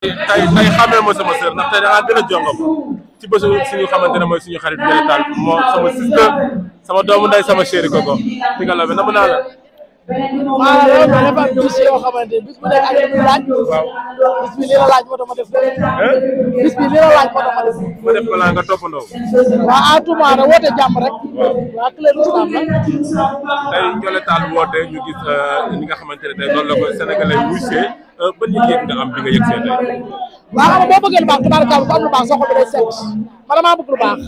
tey tey xamee ma sama sœur ndax tey da ngaa gën a jongam ci bésu suñu xamante ne mooy suñu xarit Ndiaye Tall moo sama sister sama doomu nday sama chéri koko Tiga Laobé namm naa la. maanaam loolu mooy bis yoo xamante bis bu nekk ak laaj. waaw bis bi li la laaj moo ko. bis bi li la laaj moo tax nga toppandoo. waaw à tout moment woote rek. waaw waa clé d'islam la. tey Ndiolé Tall woote euh, nga xamante ne tey loolu la euh, nga am bi yëg see tey. xam boo bëggee lu baax tabaarkalla bu am lu baax soo xol bi day set man damaa bëgg lu baax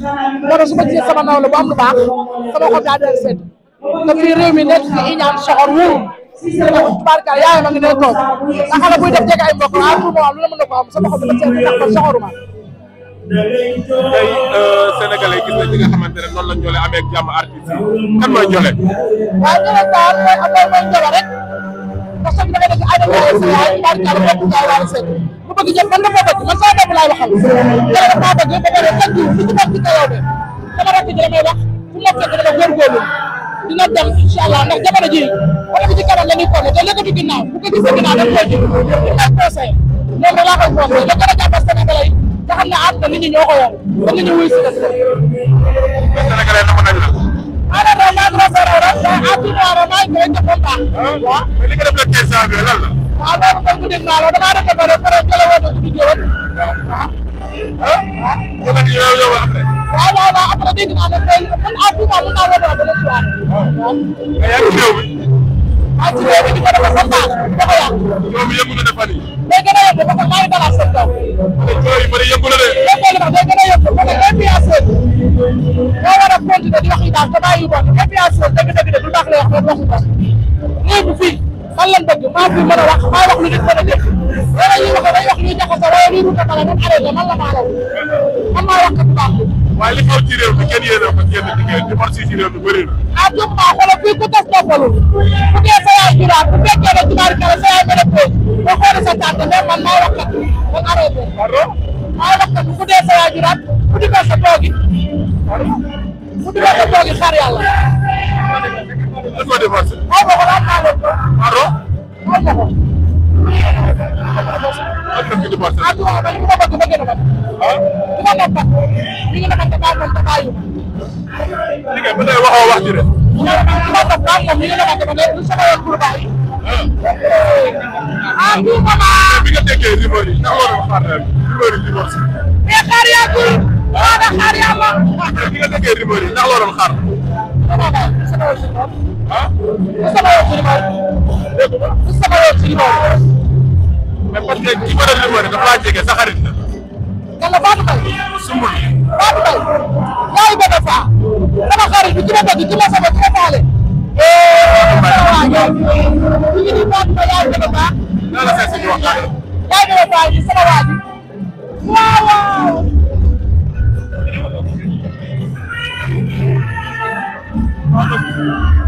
moo tax su ma gisee bu am lu baax sama xol daal set. te fii réew mi nekk si iñaan soxor wóorul ndax tubaarkaal yaayam a ngi ne toog ndax xale buy def jege ay mbokk à tout moment lu la mën na ko am sama xol dafa seetlu ndax man soxoruma tey euh, sénégalais gis nañ li nga xamante ne noonu la Ndiolé amee ak jàmm artiste yi kan mooy Ndiolé waaw Ndiolé daal mooy am mooy Ndiolé rek ndax soo da nga def ay dama sa yaay tubaarkaal bokk jaay waa seet bu bëgg jëf man dafa bëgg man sama bopp laay waxal Ndiolé dafa bëgg ba pare fekk lu ci bokk ci kaw yow de sama rakk ji damay wax fu ma fekk dama góorgóorlu dina dem incha allah ndax jamono ji wala bi ci kanam la ñuy konne te lëkkatu ginnaaw bu ko gisee ginnaaw dañ koy ji ay conseil loolu da laa koy conseil da gën a jàppal sénégalais yi nga xam ne àdduna nit ñi ñoo ko yor ba nit ñi wuy si des sénégalais na nañ la ana do ma do sa raw da ati do ara may ko ko ba wa li nga def la tey sa bi lan la wa do ko ko def na la dama def ba pare pare tele woto ci jëwon ah ah ko ko yow yow am rek dégg naa ne tey man à tout moment mën naa woote ba le soir. mais yaa ngi ci réew mi. maa ngi ci réew mi di ko defar ba baax da ko yàq. réew mi yëngu na ne fan yii. day gën a yëngu parce que maa ngi dalal seen kaw. te coono yu bëri yëngu na de. yëngu na day gën a yëngu parce que influenceur moo war a continuer di wax yu baax te bàyyi yu bon influenceur dëgg-dëgg de du baax lay wax rek waxu ko. réew mi fii fan lañ bëgg maa fi mën a wax maa wax lu nit mën a dégg. loolu la ñuy wax day wax ñuy jaxasoo waaye lii bu fekkee la man arrêté man la maa raw man maa wax kat baax waaye li xaw ci réew kenn yéene ko kenn jigéen ñi war si ci réew mi bëri na. ah tout bu dee sa yaay bu fekkee ne jumaari sa yaay mën a poos boo xoolee sa tànk mais man maay wax kat man arrêté. pardon bu dee sa yaay bu dugal toogi. bu dugal toogi xaar yàlla. lan moo dépassé. moo Ah, ah, ah bi nga déggee numéros yi ndax war na ko xaar numéros yi divorce. mais xaar yàggul. waaw da xaar yàlla. bi nga nekkee rumeur yi ndax loo doon xaar. ah. mais parce que ki bëri rumeur yi dafa laa jege sa xarit la. yàlla Fatou Mbaye. Sumbul. Fatou Mbaye. yaay bébé faa. sama xarit bi ki ma bëgg ki ma sama ki ma taale. waaw yow. ñu ngi nii Fatou Mbaye yaay bébé faa. lan la fekk si ñu wax. yaay bébé faa sama waa ji. waaw waaw. Thank you.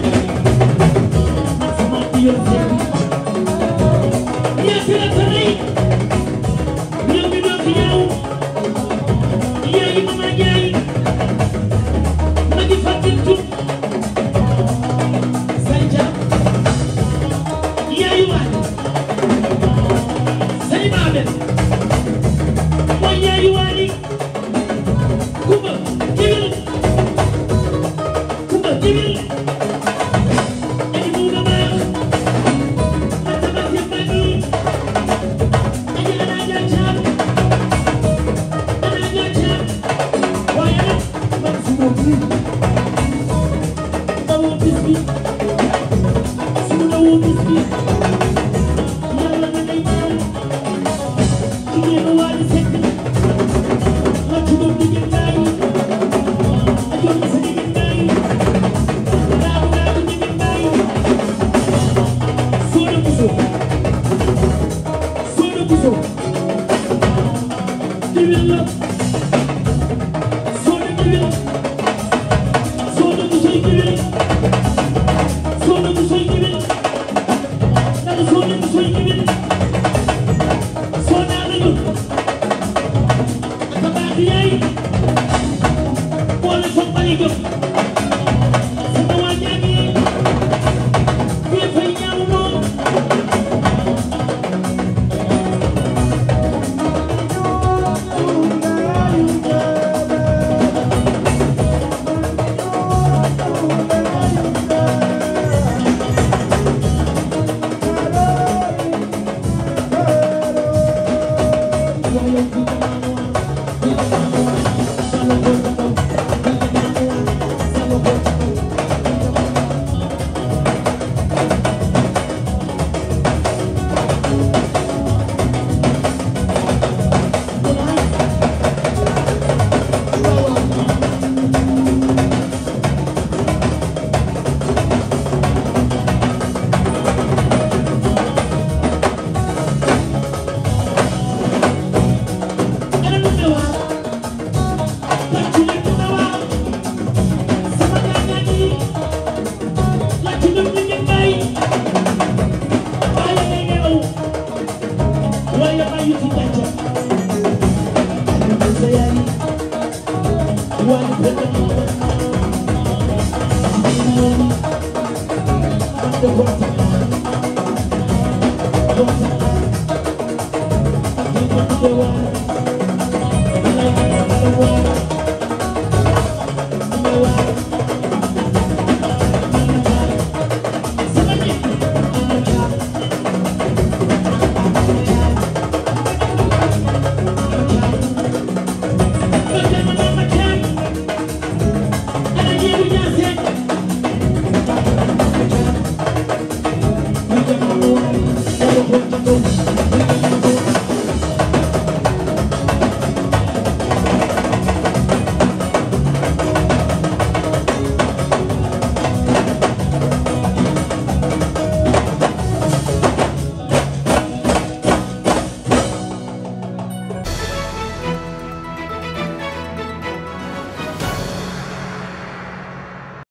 Thank you.